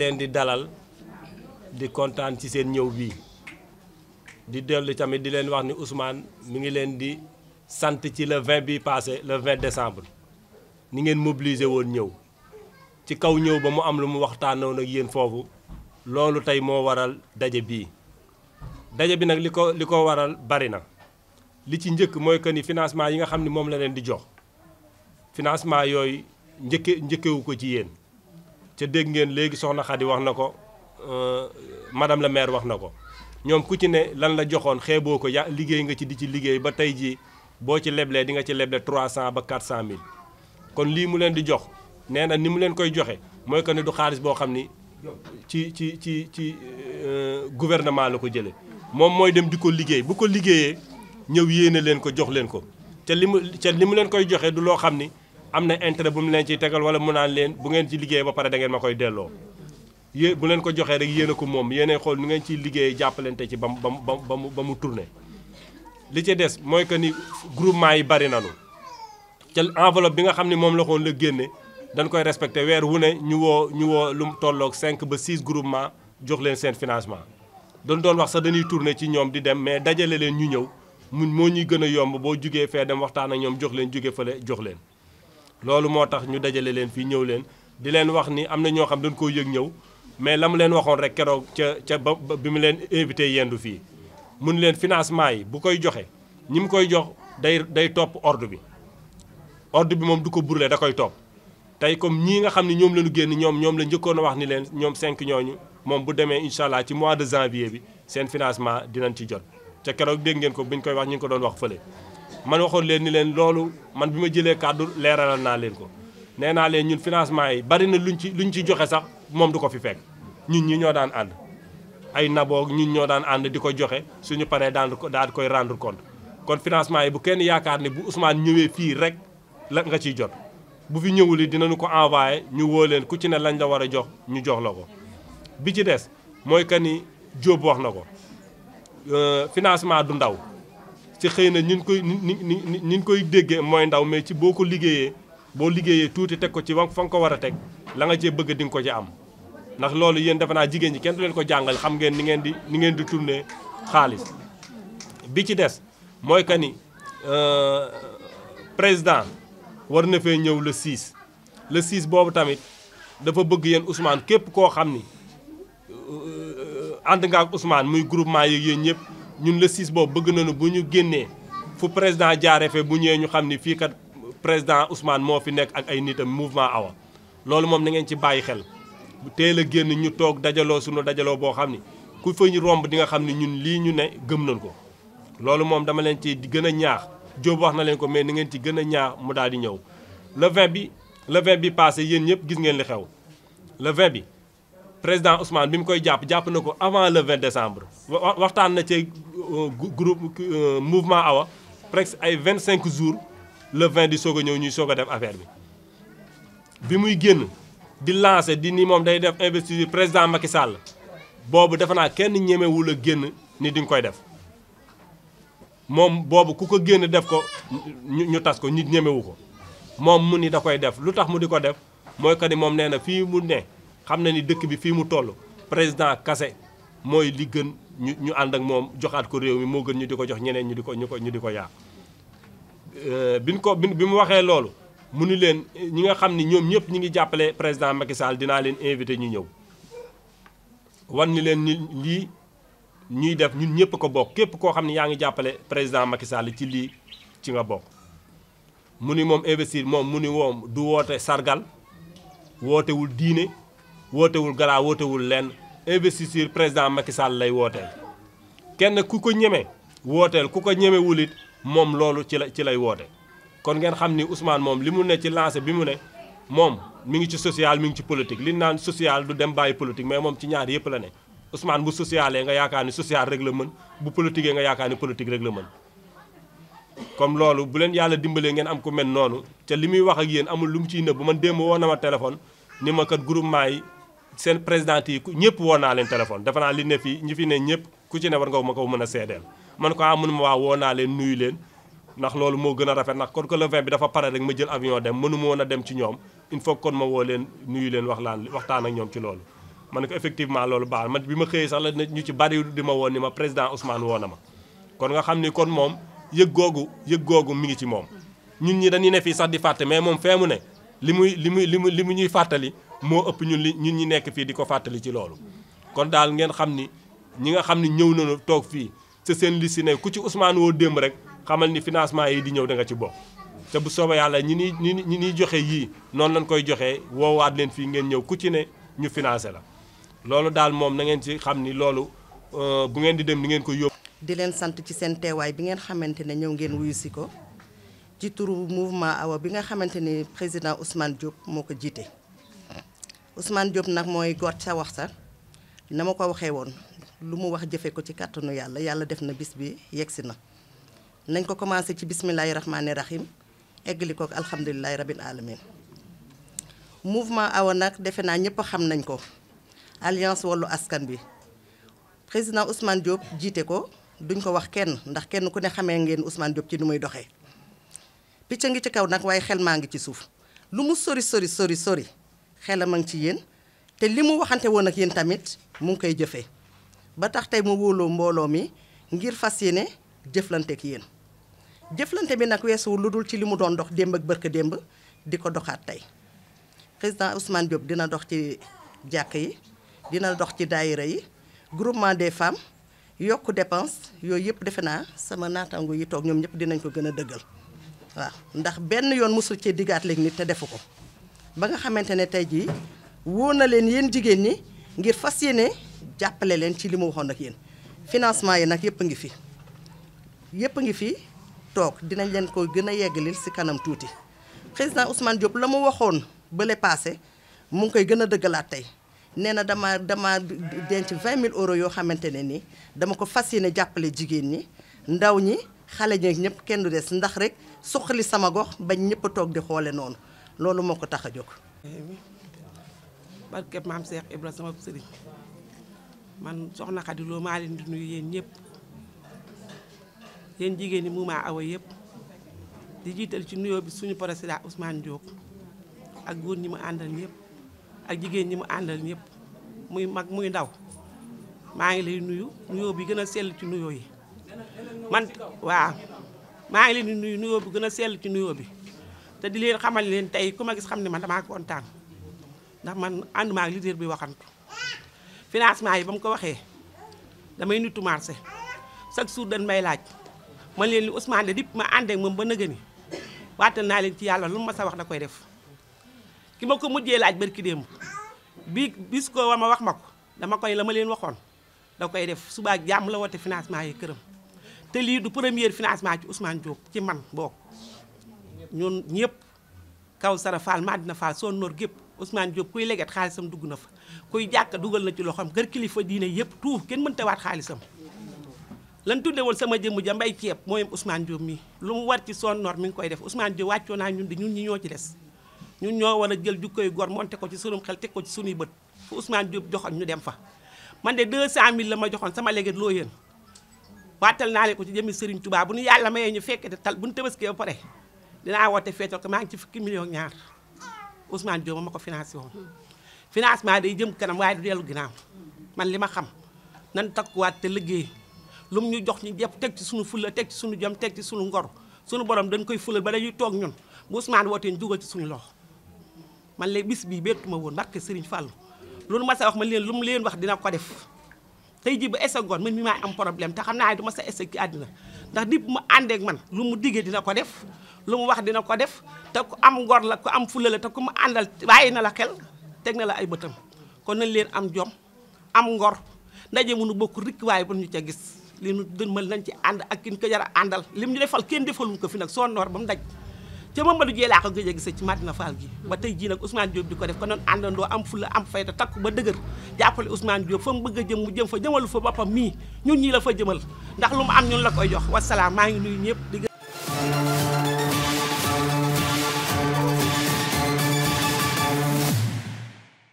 leen di dalal di kontaan ci seen ñëw bi di dellu tamit di leen wax ni Ousmane mu ngi leen di sant ci le 20 bi passé le 20 décembre ni ngeen mobiliser woon ñëw ci kaw ñëw ba mu am lu mu waxtaanoon ak yéen foofu loolu tey moo waral daje bi daje bi nag li ko li ko waral bari na li ci njëkk mooy que ni financement yi nga xam ni moom la leen di jox financement yooyu njëkke njëkkewu ko ci yéen ca dégg ngeen léegi soxna Xadi wax na ko euh, madame la maire wax na ko ñoom ku ci ne lan la joxoon xeeboo ko yà liggéey nga ci di ci liggéey ba tey jii boo ci leblee di nga ci leble 300 ba 400 mille kon lii mu leen di jox nee na ni mu leen koy joxe mooy que ne du xaalis boo xam ni ci ci ci ci euh, gouvernement la ko jëlee moom mooy dem di ko liggéey bu ko liggéeyee ñëw yéene leen ko jox leen ko te li mu te li mu leen koy joxe du loo xam ni am na intérêt bu mu leen ciy tegal wala mu naan leen bu ngeen ci liggéey ba pare da ma koy delloo yé bu leen ko joxee rek yéen a ko moom yeneen xool nu ngeen ciy liggéey jàppalante ci ba mu ba mu ba mu li ci des mooy que ni groupement yi bari na nanu ca enveloppe bi nga xam ne moom la xoon la génne dañ koy respecté weer wu ne ñu woo ñu woo lu mu tolloog 5 ba 6 groupement jox leen seen financement danu doon wax sax dañuy tourné ci ñoom di dem mais dajale leen ñu ñëw mu moo ñuy gën a yomb boo jugee fee dem waxtaan ak ñoom jox leen jugee fële jox loolu moo tax ñu dajale leen fii ñëw leen di leen wax ni am na ñoo xam dañ koo yëg ñëw mais la mu leen waxoon rek keroog ca ca ba bi mu leen invité yendu fii mun leen financement yi bu koy joxe ñi mu koy jox day day topp ordre bi ordre bi moom du ko burle da koy topp tey comme ñii nga xam ne ñoom la ñu génn ñoom ñoom la njëkkoon a wax ni leen ñoom cinq ñooñu moom bu demee incha allah ci mois de janvier bi seen financement dinañ ci jot ca keroog dégg ngeen ko bu ñu koy wax ñu ngi ko doon wax man waxoon leen ni leen loolu man bi ma jëlee kàddu leeralal naa leen ko nee naa leen ñun financement yi bari na luñ ci luñ ci joxe sax moom du ko fi fekk ñun ñi ñoo daan ànd ay naboog ñun ñoo daan ànd di ko joxe suñu paree daan daal koy rendre compte kon financement yi bu kenn yaakaar ne bu Ousmane ñëwee fii rek la nga ciy jot bu fi ñëwul dinañu ko envoyé ñu woo leen ku ci ne lañ la war a jox ñu jox la ko bi ci des mooy que ni Diop wax na ko euh, financement du ndaw ci xëy na ñun koy ni ni ni koy déggee mooy ndaw mais ci boo ko liggéeyee boo liggéeyee tuuti teg ko ci wa fa nga ko war a teg langa nga cee bëgg di nga ko ci am. ndax loolu yéen defe naa jigéen ñi kenn du leen ko jàngal xam ngeen ni ngeen di ni di tourner xaalis bi ci des mooy que ni euh, président war na fee ñëw le 6. le 6 boobu tamit dafa bëgg yéen Ousmane képp koo xam ni euh, euh, ànd nga ak Ousmane muy groupement yeeg yéen ñëpp. ñun le 6 boobu bëgg nañu bu ñu génnee fu président jaaree fe bu ñëwee ñu xam ni fii kat président Ousmane moo fi nekk ak ay nitam mouvement awa loolu moom na ngeen ci bàyyi xel bu teel a génn ñu toog dajaloo sunu dajaloo boo xam ni ku fa ñu romb di nga xam ni ñun lii ñu ne gëm nañ ko loolu moom dama leen ci gën a ñaax jóob wax na leen ko mais na ngeen ci gën a ñaax mu daal di ñëw le bi le bi passé yéen ñëpp gis ngeen li xew le bi président Ousmane bi mu koy jàpp jàpp na ko avant le 20 décembre waxtaan na ci euh, groupe euh, mouvement awa presque ay vingt cinq jours le 20 di soog a ñëw ñuy soog a def affaire bi bi muy génn di lancé di ni moom day def investiture président Macky Sall boobu defe naa kenn ñemewul a génn ni di nga koy def moom boobu ku ko génn def ko ñu tas ko nit ñemewu ko moom mu ni da koy def lu tax mu di ko def mooy que ni moom nee na fii mu ne xam na ni dëkk bi fii mu toll président kase mooy li gën ñu ñu ànd ak moom joxaat ko réew mi moo gën ñu di ko jox ñeneen ñu di ko ñu ko ñu di ko yaa bi ñu ko bi mu waxee loolu mu ni leen ñi nga xam ni ñoom ñëpp ñu ngi jàppale président Macky Sall dinaa leen invité ñu ñëw wan ni leen ni lii ñuy def ñun ñëpp ko bokk képp koo xam ne yaa ngi jàppale président Macky Sall ci lii ci nga bokk mu ni moom investir moom mu ni woom du woote sargal wootewul diine wootewul Gara wootewul lenn investiture président Macky Sall lay wooteel kenn ku ko ñeme wooteel ku ko ñemewul it moom loolu ci la ci lay woote. kon ngeen xam ni Ousmane moom li mu ne ci lancé bi mu ne moom mu ngi ci social mu ngi ci politique li naan social du dem bàyyi politique mais moom ci ñaar yëpp la ne Ousmane bu socialee nga yaakaar ni social rek la mën bu politiquee nga yaakaar ni politique rek la mën. comme loolu bu leen yàlla dimbalee ngeen am ku mel noonu te li muy wax ak yéen amul lu mu ciy nëbb man démb woo na ma ni ma kat groupement yi. seen président yi ñëpp woo naa leen téléphone dafa naa li ne fii ñi fi ne ñëpp ku ci ne war nga ma ko mën a seedeel man ko ah ma waa woo naa leen nuyu leen ndax loolu moo gën a rafet ndax kon ko le vin bi dafa pare rek ma jël avion dem mënuma woon a dem ci ñoom il faut kon ma woo leen nuyu leen wax laan waxtaan ak ñoom ci loolu man ko effectivement loolu baax man bi ma xëyee sax la ñu ci bari di ma woon ni ma président Ousmane woo na ma kon nga xam ni kon moom yëg googu yëg mi ngi ci moom ñun ñi dañuy ne fii sax di fàtte mais moom fee mu ne li muy li muy li mu li mu ñuy fàttali moo ëpp ñun li ñun ñi nekk fii di ko fàttali ci loolu kon daal ngeen xam ni ñi nga xam ni ñëw nañu toog fii sa seen liste si ne ku ci Ousmane woo démb rek xamal ni financement yi di ñëw da nga ci bokk te bu soobee yàlla ñi ni ñi ñi ñuy joxe yii noonu lañ koy joxee woowaat leen fii ngeen ñëw ku ñu financé la loolu daal moom na ngeen ci xam ni loolu euh, bu ngeen di dem ni ngeen ko yóbbu. di leen sant ci seen teewaay bi ngeen xamante ne ñëw ngeen wuyu si ko ci turu mouvement awa bi nga xamante ni président Ousmane moo ko jiite. Ousmane Diop nag mooy góor sa wax sa na ma ko waxee woon lu mu wax jëfe ko ci kàttanu yàlla yàlla def na bis bi yegsi na nañ ko commencé ci bismillahi rahmaani rahim eggali ko alhamdulilahi rabbil alamin mouvement Awa nag defe naa ñëpp xam nañ ko alliance wallu askan bi président Ousmane Diop jiite ko duñ ko wax kenn ndax kenn ku ne xamee ngeen Ousmane Diop ci nu muy doxee picc ngi ci kaw nag waaye xel maa ngi ci suuf lu mu sori sori sori sori xelam a ngi ci yéen te li mu waxante woon ak yéen tamit mu ngi koy jëfee ba tax tey mu wóoloo mbooloo mi ngir fas yéene jëflante ak yéen jëflante bi nag weesuwul lu dul ci li mu doon dox démb ak bërka démb di ko doxaat tey président Ousmane Diop dina dox ci jàkk yi dina dox ci daayira yi groupement des femmes yokk dépense yooyu yëpp defe naa sama naataango yi toog ñoom ñëpp dinañ ko gën a dëggal waa ndax benn yoon mosul ci diggaat léegi nit te defu ko ba nga xamante ne tey jii wóor na leen yéen jigéen ñi ngir fas yéene jàppale leen ci li mu waxoon nag yéen financement yi nag yëpp a ngi fi yëpp a ngi fi toog dinañ leen ko gën a yegg yeggalil si kanam tuuti président Ousmane Diop la mu waxoon bële paase mu ngi koy gën a dëggalaat tey nee na dama dama denc vingt mille euro yoo xamante ne nii dama ko fas yéene jàppale jigéen ñi ndaw ñi xale ñi ñëpp kenn du des ndax rek suqali sama gox bañ ñëpp toog di xoole noonu. loolu moo ko tax a jóg. barkeb maam Cheikh Ibra sama sëriñ man soxna Khady Lo maa leen di nuyu yéen ñëpp yéen jigéen ñi Mouma Awa yëpp di jiital ci nuyoo bi suñu président Ousmane Diop ak góor ñi mu àndal ñëpp ak jigéen ñi mu àndal ñëpp muy mag muy ndaw maa ngi lay nuyu nuyoo bi gën a sell ci nuyoo yi man waaw maa ngi leen di nuyu nuyoo bi gën a sell ci nuyoo bi te di leen xamal leen tey ku ma gis xam ne man damaa kontaan ndax man ànduma ak leader bi waxantu financement yi ba mu ko waxee damay nitu marché chaque jour dañ may laaj man leen li Ousmane de dipp ma ànd ak moom ba nëgëni waatal naa leen ci yàlla lu ma sa wax da koy def ki ma ko mujjee laaj barki démb bi bis ko wa ma wax ma ko dama koy la ma leen waxoon da koy def subaa jàmm la woote financement yi këram te lii du premier financement ci Ousmane Diop ci man bokk ñoom ñëpp Kawsara Fall Madina Fall Sonor gépp Ousmane Diop kuy leget xaalisam dugg na fa kuy jàkka dugal na ci loxoom kër kilifa diine yëpp tout kenn mënta waat xaalisam lan tudde woon sama jëmm ja mbay ceeb mooy Ousmane Diop mi lu mu war ci Sonor mi ngi koy def Ousmane Diop wàccoo naa ñun di ñun ñi ñoo ci des ñun ñoo war a jël jukkoy gor monte ko ci sunum xel teg ko ci sunuy bët fu Ousmane Diop joxoon ñu dem fa man de 200000 la ma joxoon sama leget loo yéen waatal naa leen ko ci jëmmi Serigne Touba bu ñu yàlla mayee ñu fekkee tal bu ñu tëbaskee ba pare dinaa woote feetal ko maa ngi ci fukki million ñaar Ousmane Diop ma ko financé woon financement day jëm kanam waaye du dellu man li ma xam nan takkuwaat te liggéey lu mu ñu jox ñu jëpp teg ci suñu fulla teg ci suñu jom teg ci suñu ngor suñu borom dañ koy fulal ba dañuy toog ñun bu Ousmane wootee ñu dugal ci suñu loxo man lay bis bii bettuma woon barke Serigne Fallou loolu ma sa wax man leen lu mu leen wax dina ko def tey jii ba essagoon man mi maay am problème te xam naa ne du ma sa essag ci àddina ndax nit mu àndee ak man lu mu diggee dina ko def lu mu wax dina ko def te ku am ngor la ku am fulla la te ku mu àndal bàyyi na la xel teg na la ay bëtam kon nañ leen am jom am ngor ndaje mu nu bokk rikk waaye bu ñu ca gis li nu dënmal nañ ci ànd ak kin ko jar a àndal lim ñu defal kenn defaluñ ko fi nag soo noor ba mu daj ca Mamadou Dieng laa ko gëj a gis ci Madina Fall gi ba tey jii nag Ousmane di ko def ko noon àndandoo am fulla am fayda takku ba dëgër jàppale Ousmane Diop fa mu bëgg a jëm mu jëm fa jëmalu fa boppam mii ñun ñii la fa jëmal ndax lu mu am ñun la koy jox wasalaam maa ngi nuyu ñëpp